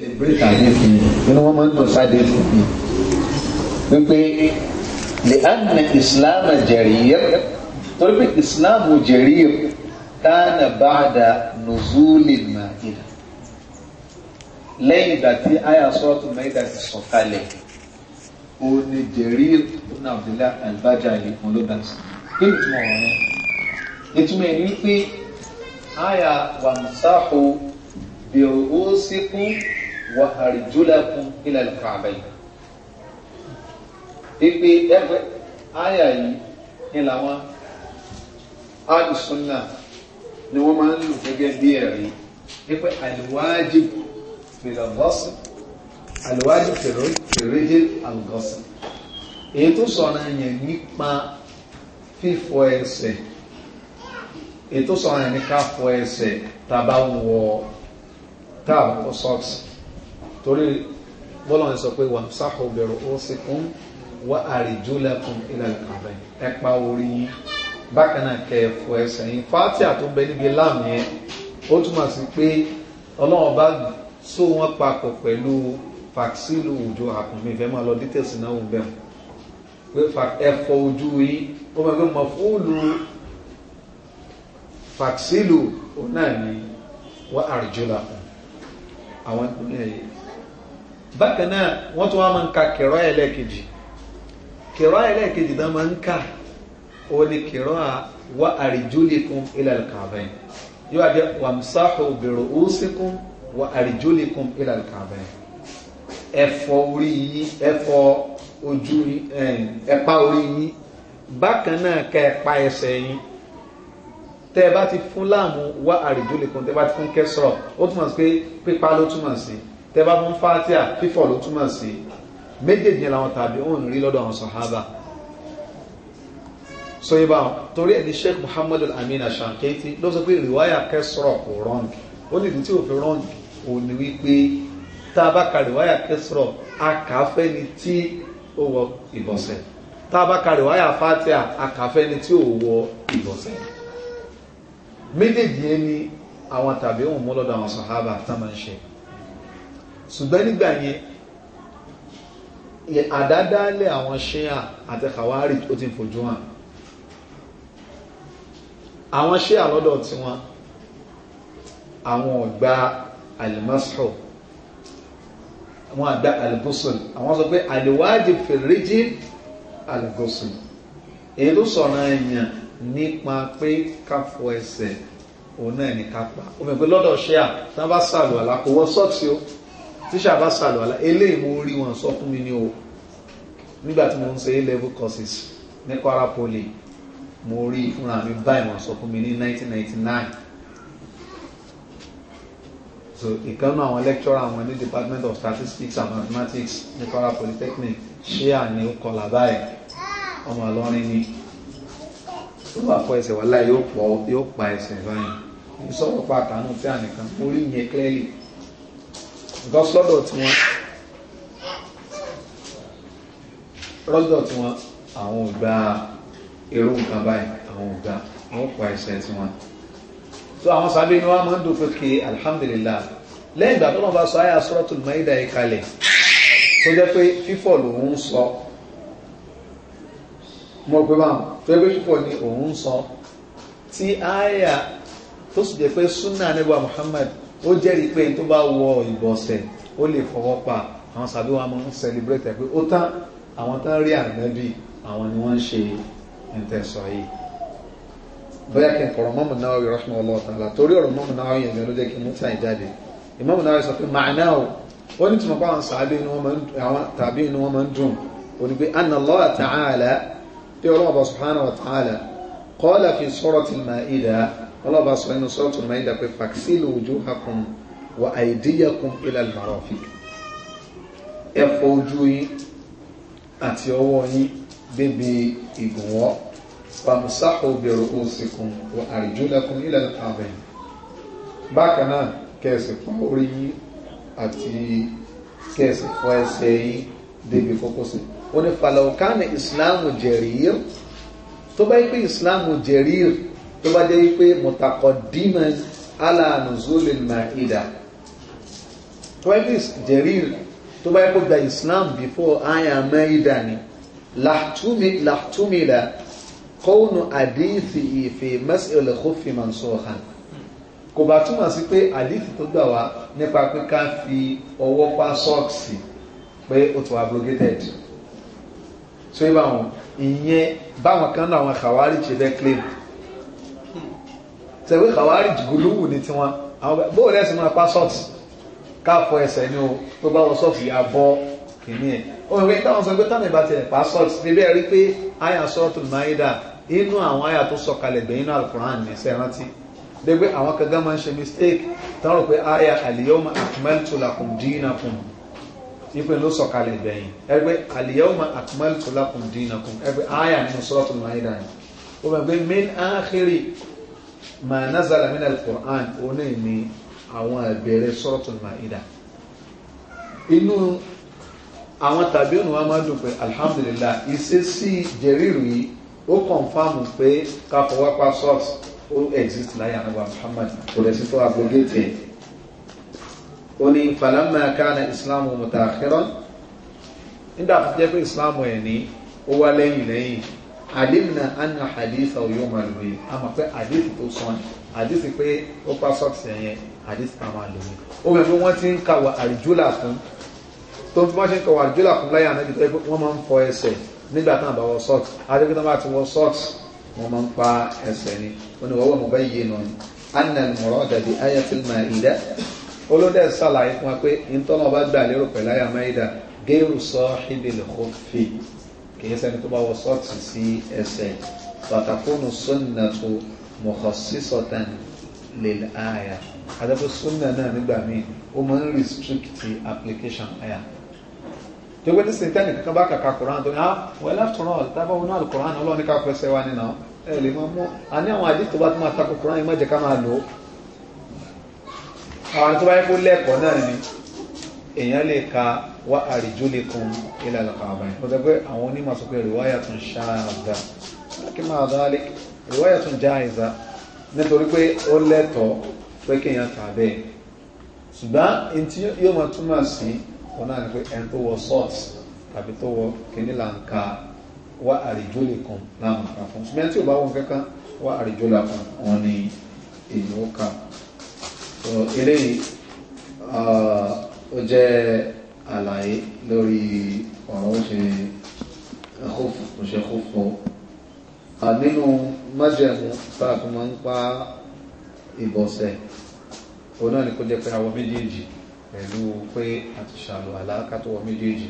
celebrate àdéhùn ni nínú wọn máa ń dùn sádéhùn ni wípé lè ànà islam jẹ̀ríyẹ torí pé islam jẹ̀ríyẹ kánà báàdà nùzúlì màídà lẹ́yìn ìgbà tí àyà sọ́ọ̀tù màídà ti sọ̀kalẹ̀ ó ní jẹ̀ríyẹ ibn abdullah al-bajali olódàsí kí ni ìtumọ̀ wọn yẹn ìtumọ̀ yẹn wípé àyà wàmùsáhù bẹ̀rù ó síkú wà àrìjúlẹ̀kùn ilẹ̀ nìkan àbẹ̀yìn. Ipe ẹgbẹ́ àyà yìí ni làwọn alùsùnà ni wọ́n máa ń lò gẹ́gẹ́ bí ẹ̀rí nípa àlùwájì fìlọ̀gọ́sì àlùwájì fèrèjì àlùgọ́sì. Èyí tó sọ̀rọ̀ yẹn nípa fífọ ẹsẹ̀ èyí tó sọ̀rọ̀ yẹn nípa fọ ẹsẹ̀ tàbá wọ táàbù sọ́ọ̀sì torí bọ́lọ́n sọ pé wàm sáhù bẹ̀rù ó sì kún wá àrìjúlẹ̀kùn ilẹ̀ kàbẹ̀ ẹpa orí yín bákan náà kẹfù ẹsẹ̀ yín fátíà tó bẹ níbi láàmì yẹn ó túmọ̀ sí pé ọlọ́run bá so wọ́n papọ̀ pẹ̀lú fàksílù òjò àkùnmí ìfẹ́ máa lọ dítẹ̀sì náà ń bẹ̀rù pé ẹ̀fọ́ ojú yín ó máa gbé mọ̀ fúlù fàksílù ó náà ní wá àrìjúlẹ̀kùn àwọn ìpínlẹ̀ yìí bákan náà wọ́n tún wá máa ń ka kẹ̀rọ ẹlẹ́ẹ̀kejì kẹ̀rọ ẹlẹ́ẹ̀kejì náà máa ń kà ó ní kẹ̀rọ wa arjulikum ila al-ka'bayn yóò adé wamsahu bi ru'usikum wa arjulikum ila al orí yín ẹ ojú ẹ orí yín bákan náà kẹ́ ẹ ẹsẹ̀ yín tẹ́ ẹ bá ti fún láàmú wa arjulikum tẹ́ ẹ bá ti fún kẹsọ̀rọ̀ ó túmọ̀ sí pé pípa ló túmọ̀ sí tẹ́bá fún fatia fífọ̀ ló túmọ̀ sí méjèèjì làwọn tàbí òun rí lọ́dọ̀ àwọn sàhábà so yíba torí ẹni sheikh muhammadu amina shanketi ló sọ pé rìwáyà kẹsọ̀rọ̀ kò rọ́ǹg ó ní ìdí tí òfin rọ́ǹg ò ní wípé tá a bá ka rìwáyà kẹsọ̀rọ̀ a kà á fẹ́ ni tí ó wọ ìbọ̀sẹ̀ tá a bá ka rìwáyà fatia a kà á fẹ́ ni tí ó wọ ìbọ̀sẹ̀ méjèèjì ẹni àwọn tàbí òun mú lọ́dọ̀ àwọn sàhábà tá a máa ń ṣe ṣùgbọ́n nígbà yẹn àdádálẹ̀ àwọn ṣíà àti kàwárì ó ti fojú hàn àwọn ṣíà lọ́dọ̀ tiwọn àwọn ọ̀gbà alimasro àwọn àgbà alibusul àwọn sọ pé aliwájib fèrèjì alibusul èyí ló sọ̀rọ̀ ẹ̀yàn nípa pé káfọ ẹsẹ̀ òun náà ní kápá omi pé lọ́dọ̀ ṣíà tí wọ́n bá sàlù àlàkò sọ́ọ̀tì o tíṣà bá ṣàlùwàlá eléyìí mo rí wọn sọ fún mi ní o nígbà tí mo ń ṣe a-level courses ní Kwara Poly mo rí fúnra mi báyìí wọn sọ fún mi ní 1999 so ìkànnì àwọn lecturer àwọn ní department of statistics and mathematics ní Kwara Polytechnic ṣé àní ó kọlà báyìí ọmọ Ìlọrin ni tó bá fọ ẹsẹ̀ wàhálà yóò pa ẹsẹ̀ báyìí ìsọ̀rọ̀ pàtàkì àánú fẹ́ ànìkan mo rí yẹn clearly because lọ́dọ̀ tí wọ́n lọ́dọ̀ tí wọ́n àwọn ò gba irú nǹkan báyìí àwọn ò gba pa ẹsẹ̀ tí wọ́n so àwọn sábẹ́ ni wọ́n máa ń dùn fún kí alhamdulillah lẹ́yìn ìgbà tó náà bá sọ ayé asuratul maida yìí kalẹ̀ tó jẹ́ pé fífọ̀ lòun ń sọ mo pe báwọn tó pé fífọ̀ ni òun ń sọ tí àyà tó sì jẹ́ pé súnà nígbà Muhammad ó jẹ́rìí pé tó bá wọ ìbọ̀sẹ̀ ó lè fọwọ́ pa àwọn sàbí wa máa ń celebrate ẹ̀ pé ó tán àwọn tán rí ànábì àwọn ni wọ́n ń ṣe ìtẹ̀sọ̀ yìí bóyá kí n fọ̀rọ̀ mọ́mù náà yọ rọ́ṣùn ọlọ́ọ̀tàlá torí ọ̀rọ̀ mọ́mù náà yẹn ló jẹ́ kí n mú tàn jáde ìmọ̀mù náà sọ pé màánà o ó ní tùmọ̀ pàwọn sàábé tàbí inú wọn máa ń dùn ó ní pé anna Allah ta'ala pé ọlọ́ọ̀bà subhanahu wa ta'ala qala fi suratil Ma'idah ọlọ́ba sọ nínú sọ́ọ̀tù maida pé fàksílù wujuhakum wa aydiyakum ilal marafiq ẹ fọ ojú yín àti ọwọ́ yín débi ìgùnwọ́ pàmùsáhù bi ru'usikum wa arjulakum ilal ka'bayn bákan náà kẹsì fọ orí yín àti kẹsì fọ ẹsẹ̀ yín débi kókósẹ̀ ó ní falaw kana ìsìláàmù jẹ̀rìír tó bá pé ìsìláàmù jẹ̀rìír tó bá jẹ́ wípé mutaqaddiman ala nuzulil maida twelve jeril tó bá yẹ kó gba islam before aya maida ni làtúmìlà kọ́ọ̀nù àdíìsì ìfẹ́ mẹ́sìlẹ̀ kófì mansukhan kò bá túmọ̀ sí pé àdíìsì tó gbà wá nípa pé ká fi ọwọ́ pa sọ́ọ̀sì pé ó ti abrogated so ibà ìyẹn báwọn kan náà àwọn kàwárí ṣe fẹ́ claim sẹ̀wé kàwárì gùlùwù ní tiwọn àwọn bó rẹ̀ sì máa pa sọ́ọ̀tì káàfọ ẹsẹ̀ ni o tó bá wọ sọ́ọ̀tì yà bọ́ kìíní ẹ̀ ohun ìwé táwọn sọ pé táwọn ìbá tiẹ̀ pa sọ́ọ̀tì bíbẹ́ rí pé àyà sọ́ọ̀tì máyídà inú àwọn àyà tó sọ kalẹ̀ gbẹ̀yìn náà alukuran ní ẹsẹ̀ rántí dẹ́gbẹ́ àwọn kankan máa ń ṣe mistake táwọn rò pé àyà al-yawma akmaltu lakum dinakum ipe ló sọ kalẹ̀ gbẹ̀yìn ẹgbẹ́ al-yawma akmaltu lakum dinakum ẹgbẹ́ àyà nínú sọ́ọ̀tì máyídà ni ó bẹ̀ gbé main áhìrì ma nazala min al-Qur'an oní ní àwọn ìbẹ̀rẹ̀ Suratul Maida inú àwọn tàbí ònà wa máa dùn pé alhamdulillah ìṣesí jẹ̀rìrì yìí ó kọ̀nfàmù pé káfọwọ́pá sọ́ọ̀tì ó exist láyé ànábà Muhammad kò lè sí tó agbógétì ẹ̀ ó falamma kana islamu mutakhiran nígbà tó jẹ́ pé islamu ẹ̀ ní ó wá lẹ́yìn lẹ́yìn alimna anna hadith ọ̀yọ́ màlúwì a mọ̀ pé hadith tó sàn hadith pé ó pa sọ́ọ̀sì yẹn hadith kan máa lòwe ó mẹ́ pé wọ́n ti ń kàwà àrìjúlà fún tó ń fi wọ́n ṣe ń kàwà àrìjúlà fún láyé àná jùlọ pé wọ́n máa ń fọ ẹsẹ̀ nígbà tán àbáwọ̀ sọ́ọ̀sì adébí tán bá ti wọ sọ́ọ̀sì wọ́n máa ń pa ẹsẹ̀ ni ó ní wọ́wọ́ mo bá yé nù ni anna al-murada bi ayatil ma'ida olóde sàlàyé fún wa pé ìtọ́nà ọba gbà lérò pẹ̀lú àyà máa ìdá gẹ́rù sọ́ọ́ kìí sẹ́ni tó bá wọ sọ́ọ̀tì sí ẹsẹ̀ pàtàkùnù sunna tó mukhassisatan lil aya àdàbọ̀ sunna náà nígbà míì ó máa ń restrict application aya tó gbé ní sèntẹ́nì kankan bá kàkà koran tó ní ah well after all tábà wọn náà koran ọlọ́run ní ká fẹsẹ̀ wá nínà ẹ lè máa mú a ní àwọn àdìsí tó bá tó máa takò koran yìí má jẹ́ ká máa lò ó àwọn tó bá yẹ kó lẹ́kọ̀ọ́ náà ni èèyàn lè ka wá àrìjúlẹ̀kùn ilẹ̀ àlàkàbà yìí wọ́n pẹ́ àwọn onímọ̀ sọ pé rìwáyà tún ṣáàdá lákì máa dá lé rìwáyà tún já àìsà nítorí pé ó lẹ́tọ̀ọ́ pé kéèyàn kà bẹ́ẹ̀ ṣùgbọ́n in tí yóò máa túmọ̀ sí wọn náà ni pé ẹni tó wọ sọ́ọ̀tì tàbí tó wọ kíní là ń ka wá àrìjúlẹ̀kùn láàmú ká fún ṣùgbọ́n tí ò bá wọn kankan wá àrìjúlẹ̀kùn wọn ni èèyàn ó jẹ́ àlàyé lórí ọ̀rọ̀ ṣe ẹ̀kọ́fù kò ṣe kófò nínú májẹ̀mú táàkù máa ń pa ìbọ̀sẹ̀ òun náà ni kó jẹ́ pé awọ méjèèjì pẹ̀lú pé àti ṣàlù àlàáká tó wọ méjèèjì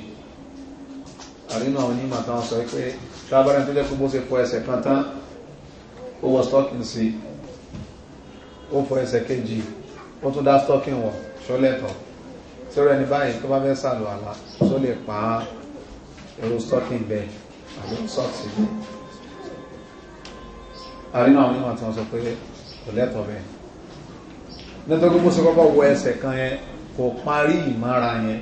àrínú àwọn onímọ̀ táwọn sọ pé ṣábàrẹ̀ tó jẹ́ pé bó ṣe fọ ẹsẹ̀ kan ó wọ stocking sí ó fọ ẹsẹ̀ kejì ó tún dá stocking wọ̀ ṣọ́lẹ̀tàn sọ́rọ̀ ẹni báyìí tó bá fẹ́ sàlù àlá tó lè pa ẹ̀rọ stocking bẹ́ẹ̀ àbí sọ́ọ̀tì bẹ́ẹ̀ àrínà àwọn onímọ̀ tí wọ́n sọ pé kò lẹ́tọ̀ọ́ bẹ́ẹ̀ nítorí bó ṣe kọ́kọ́ wọ ẹsẹ̀ kan yẹn kò parí ìmára yẹn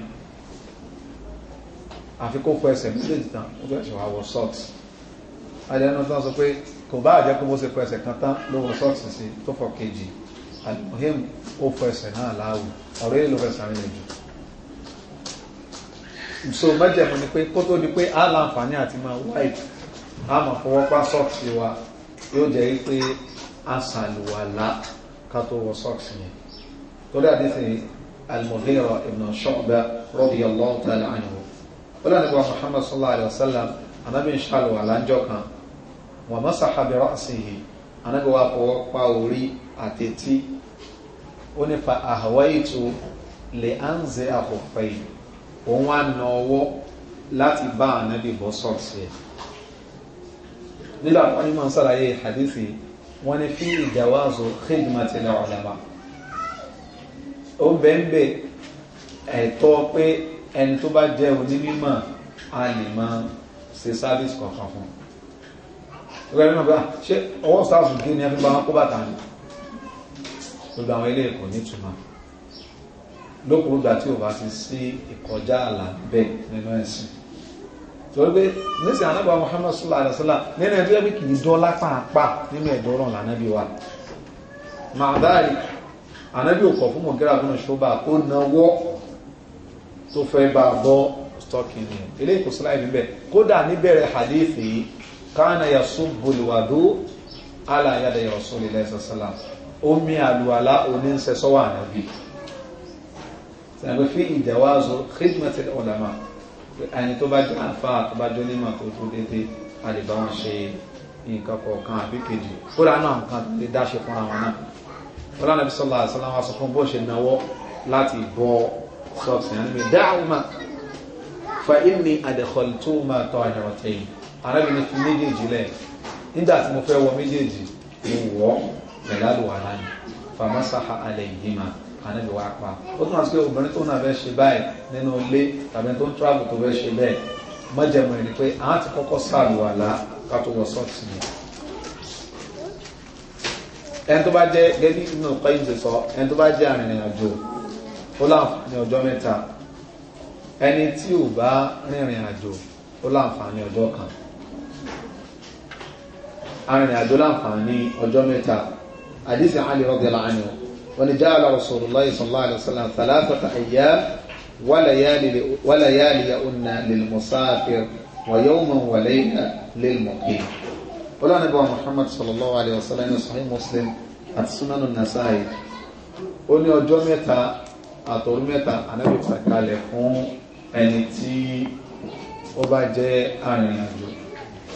àfi kó fọ ẹsẹ̀ méjèèjì tán ó fẹ́ ṣe wá wọ sọ́ọ̀tì ajẹ́nu tán sọ pé kò bá àjẹ́ kó bó ṣe fọ ẹsẹ̀ kan tán ló wọ sọ́ọ̀tì sí tó fọ kejì àlùmọ́hẹ́mù ó fọ ẹsẹ̀ náà láàwù ọ̀rọ̀ ló fẹsẹ̀ rìn jù so májẹ̀mú ni pé kó tó di pé á láǹfààní àti máa wáìpù á máa fọwọ́ pa sọ́ọ̀sì wa yóò jẹ́ pé a sàlùwàlá ká tó wọ sọ́ọ̀sì yẹn torí àdéhùn al-Mughira ibn Shu'ba radiyallahu ta'ala anhu wọ́n lẹ́nu wa Muhammad sallallahu alayhi wa sallam sàlùwàlá ń jọ kan wa masaha bi ra'sihi anabi wa fọwọ́ pa orí àtẹ̀tí ó ní fa ahwaitu li anzi'a khuffayhi òun wá na ọwọ́ láti bá ànábì bọ́ sọ́ọ̀sì ẹ̀ nígbà wọn ni máa ń sàlàyé hadithi wọn ni fi ìjàwáàzọ khidmati lil ulama ó bẹ́ẹ̀ ẹ̀tọ́ pé ẹni tó bá jẹ́ onímọ̀ a lè máa ṣe sáfíìsì kọ̀ọ̀kan fún un ṣe ọwọ́ sáàsù gé ní ẹbí bá wọn kó bàtà ní gbogbo àwọn ilé ẹ̀kọ́ nítumọ̀ lókùn ìgbà tí o bá ti sí ìkọjá àlà bẹ́ẹ̀ nínú ẹ̀sìn torí pé nísìn anábà Muhammad sallallahu alaihi wasallam nínú ẹ̀dọ́ yẹ́ pé kì í dọ́lá pàápàá nínú ẹ̀dọ́ ọ̀rọ̀ lànàbí wa máa dáàrí ànábì ò kọ̀ fún mọ̀gẹ́rà fún ìṣọ́bà ó náwó tó fẹ́ bá bọ́ stọ́kì ni ilé ìkòsílá ìlú bẹ́ẹ̀ kódà níbẹ̀rẹ̀ hadithi kánà yasubbu alwadu ala yadi rasulillahi sallallahu omi àlùwàlá oníṣẹ́sọ́wà ànábì sàgbé fi ìjàwáàzó khidmatil ulama ẹni tó bá jẹ́ àfa tó bá jẹ́ onímọ̀ tó tó dédé a lè bá wọn ṣe nǹkan kọ̀ọ̀kan àbí kejì kódà náà nǹkan lè dáṣe fún àwọn náà kódà náà bí sọlá àṣàlá wa sọ fún bó ṣe náwó láti bọ sọ́ọ̀sì yẹn níbi dáhùnmá fa inni adkhaltuma tahiratayn arábìnrin fún méjèèjì lẹ̀ nígbà tí mo fẹ́ wọ méjèèjì mo wọ̀ pẹ̀lú àlùwàlá ni famasaha alayhima ànábì wa pa ó tún wá sí pé obìnrin tó náà fẹ́ ṣe báyìí nínú ilé tàbí tó ń travel tó fẹ́ ṣe bẹ́ẹ̀ mọ́jẹ̀mọ́ ẹni pé àwọn ti kọ́kọ́ sàlùwàlá ká tó wọ sọ́ọ̀tì ni ẹni tó bá jẹ́ gẹ́gẹ́ inú pẹ́yìn ti sọ ẹni tó bá jẹ́ arìnrìn àjò ó láǹfààní ọjọ́ mẹ́ta ẹni tí ò bá rìnrìn àjò ó láǹfààní ọjọ́ kan arìnrìn láǹfààní ọjọ́ mẹ́ta àdìsí àlè ọ̀gẹ̀lá ànìyàn ونجعل رسول الله صلى الله عليه وسلم ثلاثة أيام وليالي ولياليهن للمسافر ويوما وليلة للمقيم ولا نبوى محمد صلى الله عليه وسلم صحيح مسلم السنن النسائي ó ní ọjọ́ mẹ́ta àtọ̀rú mẹ́ta ànábì pàkalẹ̀ fún ẹni tí ó bá jẹ́ arìnrìnàjò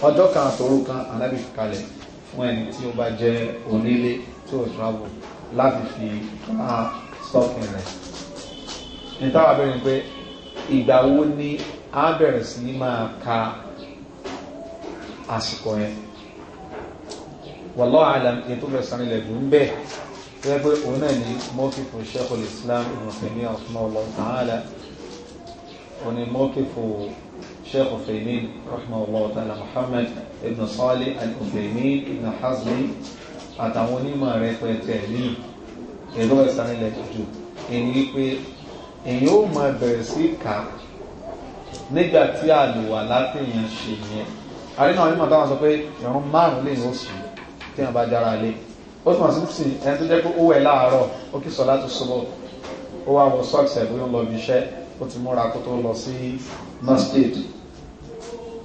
ọjọ́ kan àtọ̀rú kan ànábì pàkalẹ̀ fún ẹni tí ó bá jẹ́ onílé tí ó travel láti fi ká stọ́ọ̀kì rẹ̀ ní táwa bẹ̀rẹ̀ pé ìgbà wo ni a bẹ̀rẹ̀ sí ní máa ka àsìkò yẹn wallahu alam ní tó bẹ̀rẹ̀ sánilẹ̀ dùn bẹ́ẹ̀ gẹ́gẹ́ pé òun náà ni mọ́kìfù Sheikhul Islam Ibn Taymiyyah rahimahullah ta'ala òun ni mọ́kìfù الشيخ عثيمين رحمه الله تعالى محمد ابن صالح العثيمين ابن حزم àtàwọn onímọ̀ rẹpẹtẹ ní ẹ̀rọ ìsànilẹ̀ jù èyí wípé èyí ó máa bẹ̀rẹ̀ sí kà nígbà tí àlùwà látìyàn ṣe yẹn àrínà onímọ̀ táwọn sọ pé ìrun márùn lè ní oṣù tí wọn bá jára lé ó sì máa sí sí ẹni tó jẹ́ pé ó wẹ̀ láàárọ̀ ó kì í sọ láti ṣubú ó wá wọ sọ́ọ̀sì ẹ̀bùn ló ń lọ ibi iṣẹ́ ó ti múra kó tó lọ sí masjid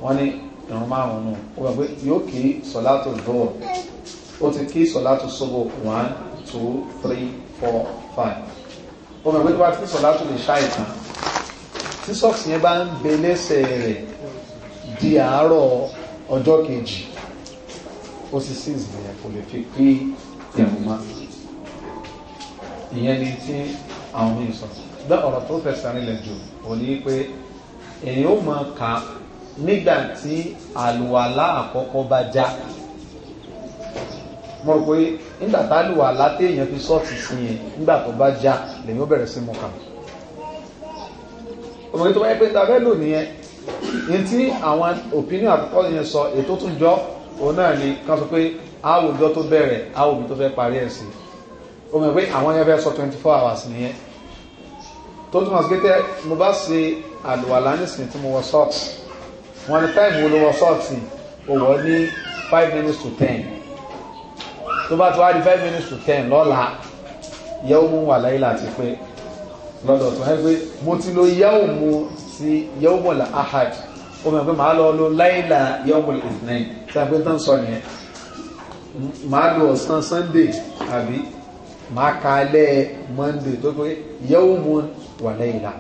wọ́n ní ìrun márùn-ún nù ó gbà pé yóò kí sọ̀látò dùn ó ti kí sọ̀látò sóbò one two three four five ó gbà pé tí wọ́n ti kí sọ̀látò lè ṣá ìtàn tí sọ́ọ̀sì yẹn bá ń bẹ lẹ́sẹ̀ rẹ̀ di àárọ̀ ọjọ́ kejì ó sì sí ìsìnkú kò lè fi pé ni tí àwọn mí sọ ọ̀rọ̀ tó fẹsẹ̀ rìn lẹ̀ jù ò ka nígbà tí àlùwàlá àkọ́kọ́ bá já mo rò pé nígbà tá àlùwàlá téèyàn fi sọ́ọ̀tì sí yẹn nígbà tó bá já lèyìn ó bẹ̀rẹ̀ sí mọ̀ká òmùgbé tó wáyé pé ta fẹ́ lò nìyẹn ní tí àwọn opinion àkọ́kọ́ yẹn sọ ètò tún jọ òun náà ni kan sọ pé àwùjọ tó bẹ̀rẹ̀ àwùjọ tó fẹ́ parí ẹ̀ sí òmùgbé pé àwọn yẹn fẹ́ sọ twenty four hours nìyẹn tó túmọ̀ sí pé tẹ́ mo bá ṣe àlùwàlá nísìnyí tí mo wọ sọ́ọ̀tì wọ́n ní time wo ló wọ sọ́ọ̀sì ó wọ̀ ní five minutes to ten tó bá ti wá di five minutes to ten lọ́la yẹ́wò mú wà láyé láti pé lọ́dọ̀ tó wáyé pé mo ti lo yẹ́wò mú sí yẹ́wò mú là ahad ó mọ̀ pé màá lọ lo láyìlà yẹ́wò mú ìsìnẹ́yìn tí a pé tán sọ nìyẹn màá lo ọ̀sán sunday àbí màá ka alẹ́ monday tó pé yẹ́wò mú wà láyìlà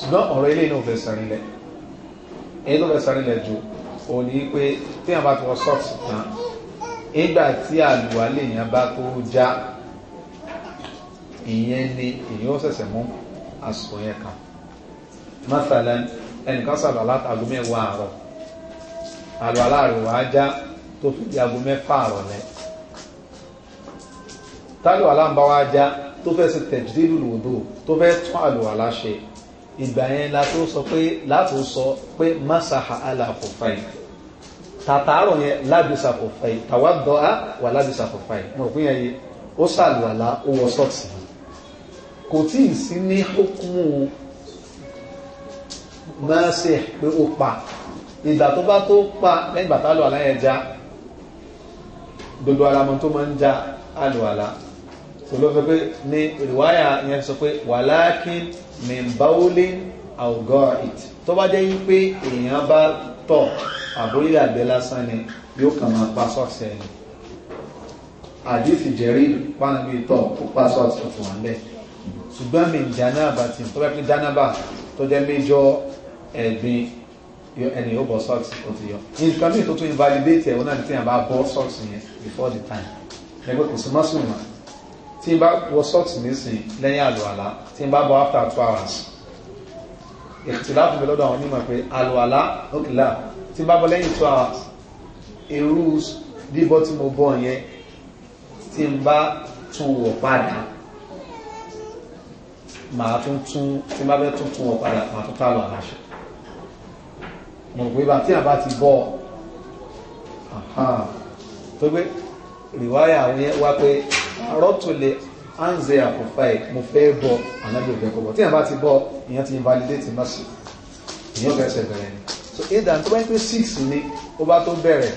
ṣùgbọ́n ọ̀rọ̀ ilé náà fẹ́ sọ̀rin lẹ́yìn èyí tó fẹ́ sọ nílẹ̀ jù òun ni pé tí èèyàn bá ti wọ sọ́ọ̀sì tán nígbà tí àlùwálé èèyàn bá tó já ìyẹn ni èèyàn ó ṣẹ̀ṣẹ̀ mú àsìkò yẹn kan mọ́sálẹ̀ ẹnìkan sọ̀rọ̀ alátago mẹ́wàá àárọ̀ àlùwálá rẹ̀ wá já tó fi di aago mẹ́fà àrọ̀lẹ́ tálùwálá ń bá wá já tó fẹ́ ṣe tẹ̀jú dé lùlù odò tó fẹ́ tún àlùwálá ṣe ìgbà yẹn la tó sọ pé látò sọ pé masaha alákòfàì tàtàárọ̀ yẹn lábìsà kòfàì tàwádọ́ á wà lábìsà kòfàì mọ̀ pín ẹyẹ ó sàlùwàlá ó wọ sọ́ọ̀tì kò tí ì sí ní hókùnmù mẹ́sẹ̀ pé ó pa ìgbà tó bá tó pa lẹ́yìn bàtà àlùwàlá yẹn já gbogbo ara mọ́ tó máa ń já àlùwàlá tó pé ní ìrìwáyà yẹn sọ pé wàlákìn mẹ̀mbáwólé algorit tó bá jẹ́ wípé èèyàn bá tọ̀ àbórílẹ̀ àgbẹ̀ lásán ni yóò kàn máa pa sọ́ọ̀sẹ̀ ni àdìsí jẹ́rí pánàbí tọ̀ ó pa sọ́ọ̀sẹ̀ tó wà lẹ̀ ṣùgbọ́n mi jánábà tí tó bá pé jánábà tó jẹ́ méjọ ẹ̀gbin ẹni ó bọ̀ sọ́ọ̀sì ó ti yọ nǹkan mìíràn tó tún invalidate ẹ̀ wọn náà ti tẹ̀yàn bá bọ́ sọ́ọ̀sì yẹn before the time ẹgbẹ́ kò sí mọ́sùlùmí tí n bá wọ sọ́ọ̀tì nísìn lẹ́yìn àlùwàlá tí n bá bọ̀ after two hours ìtìláàfù mi lọ́dọ̀ àwọn onímọ̀ pé àlùwàlá òkìlá tí n bá bọ̀ lẹ́yìn two hours irú bíbọ́ tí mo bọ̀ yẹn tí n bá tún wọ̀ padà màá tún tún tí n bá fẹ́ tún tún wọ̀ padà màá tún tà lọ àlàṣẹ mo rò pé bá tí a bá ti bọ̀ tó gbé rìwáyà wá pé àrọ́tòlẹ̀ anze àkọ́fà ẹ̀ mo fẹ́ bọ ànábì òfẹ́ kọ́bọ̀ tí yàn bá ti bọ ìyẹn ti invalidate mercy ìyẹn fẹ́ ṣe bẹ̀rẹ̀ ni so either tó bá yẹ pé six ni ó bá tó bẹ̀rẹ̀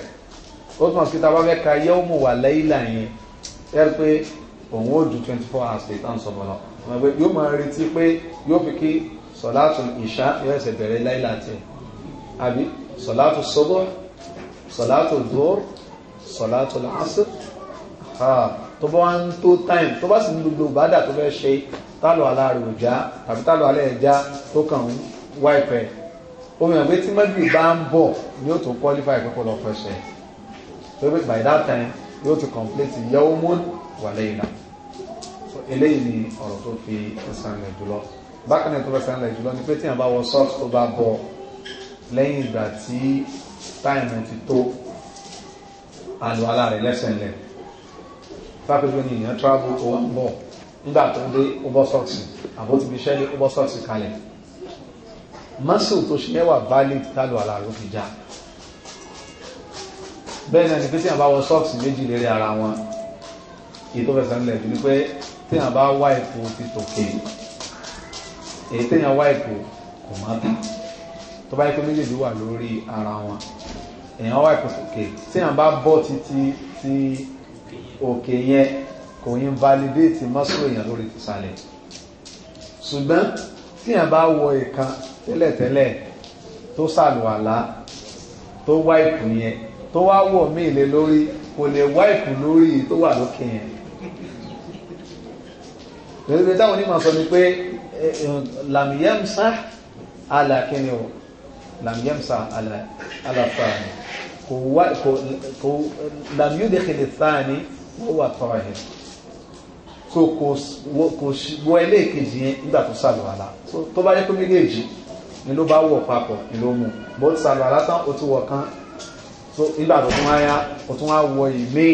ó túmọ̀ sí ta bá fẹ́ ka yẹ́ ó mú wà láìlà yẹn ẹ rí pé òun ó ju twenty four hours lè tán sọ̀bọ̀ lọ yóò máa retí pé yóò fi kí sọ̀látù ìṣá yóò ẹ̀sẹ̀ bẹ̀rẹ̀ láìlà tiẹ̀ àbí sọ̀látù sọ́bọ̀ sọ̀látù dùr sọ̀látù làásù tó bá wá ń tó time tó bá sì ní gbogbo ìbádà tó fẹ́ ṣe tálọ̀ aláàrẹ̀ òjá tàbí tálọ̀ alẹ́ ẹja tó kàn ń wáìpẹ́ omi ọ̀gbẹ́ tí mẹ́bí bá ń bọ̀ ni ó qualify pẹ́pọ̀ lọ fẹsẹ̀ so by that time yóò tún complete yawmun wa layla so eléyìí ni ọ̀rọ̀ tó fi ẹ̀sán lẹ̀ jùlọ bákan náà tó fẹsẹ̀ lẹ̀ jùlọ ni pé tí àwọn bá wọ socks tó bá bọ̀ lẹ́yìn ìgbà tí time ti tó àlọ́ alárẹ̀ lẹ́sẹ̀ lẹ̀ tápẹ́jọ́ ni èèyàn travel tó ń bọ̀ nígbà tó dé ubersocks àbó ti fi ṣẹ́ ní ubersocks kalẹ̀ muscle tó ṣe ẹwà valid tálù àlàró fi já bẹ́ẹ̀ náà ni pé tí àbá wọ socks méjì lérí ara wọn èyí tó fẹsẹ̀ nílẹ̀ jù ni pé tí àbá wá èpo ti tòkè èyí tí àbá wá èpo kò má tà tó bá yẹ pé méjèèjì wà lórí ara wọn èèyàn wá èpo tòkè tí àbá bọ́ títí tí. tí òkè yẹn kò yín validate mọ́sùn èèyàn lórí ìsàlẹ̀ ṣùgbọ́n tí èèyàn bá wọ ìkan tẹ́lẹ̀tẹ́lẹ̀ tó sàlùwàlá tó wáìpù yẹn tó wá wọ̀ míì lé lórí kò lè wáìpù lórí tó wà lókè yẹn lórí táwọn onímọ̀ sọ ni pé eh, eh, làmìyẹ́msá alàkínni o làmìyẹ́msá alàfààní kò wá kò kò lam yudkhil athani wọ́n wà tọ́ ẹ̀ so kò kò wọ ẹlẹ́ẹ̀kejì yẹn nígbà tó sàlùwàlà so tó bá yẹ kó méjèèjì ni ló bá wọ̀ papọ̀ ni ló mú bó ti sàlùwàlà tán o ti wọ̀ kan so nígbà tó tún wá yá o tún wá wọ ìmíì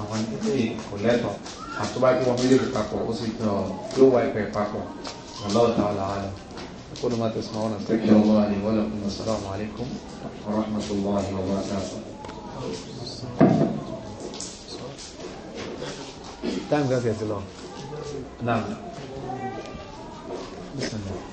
àwọn ilé kò lẹ́tọ̀ọ́ àti tó bá yẹ kó wọ́n méjèèjì papọ̀ ó sì gbọ́n yóò wá ìpẹ́ papọ̀ ọlọ́ọ̀ta ọ̀la قولوا ما تسمعون استغفر الله لي ولكم السلام عليكم ورحمة الله وبركاته Time gracias, نعم بسم الله